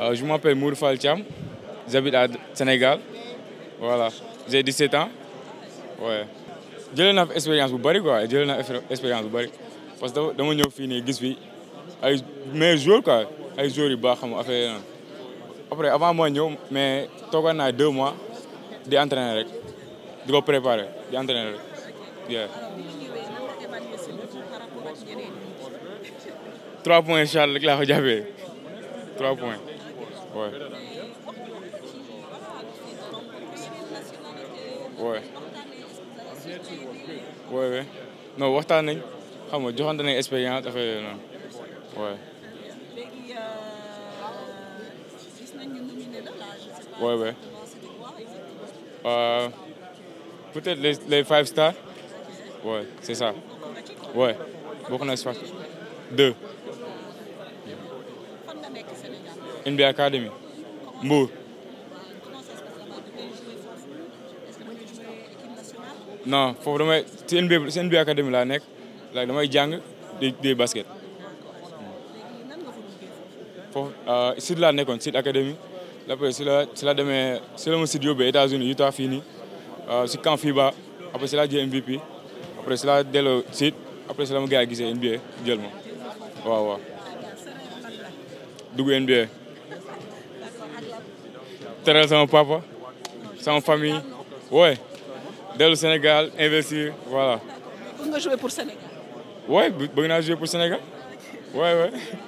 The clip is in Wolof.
Euh, je m'appelle Mourfal Cham, j'habite à Sénégal. Voilà, j'ai 17 ans. Ouais. jëlee naa fi expérience bu bari quoi jëlee naa expérience bu bëri parce que dama ñëw fii nii gis fi ay meilleurs joueurs quoi ay joueurs yu baax xam affaire après avant moo ñëw mais toogoon naa deux mois di entraîner rek di ko préparer di entraîner trois points Charles rek laa ko jàppee trois points. Ouais. ouais. ouais non waxtaan nañ xam nga joxante nañ expérience affaire yooyu noonu ouais. Euh, ouais ouais. Euh, les five stars. ouais c'est ça. ouais bokk na si deux. NBA Academy Mbour. non foofu damay ci NBA ci NBA Academy laa nekk like damay jàng di di basket. foofu euh, site laa nekkoon site académie après si la si la demee si la ma site yóbbee États-Unis Utah fii nii si euh, camp FIBA après si la jël MVP après si la delloo site après si la ma gars yi NBA jël ma waaw dugg NBA teral sama papa sama famille wooy dellu Sénégal investir voilà. bëgg nga jouer pour Sénégal. wooy bëgg naa jouer pour Sénégal wooy wooy.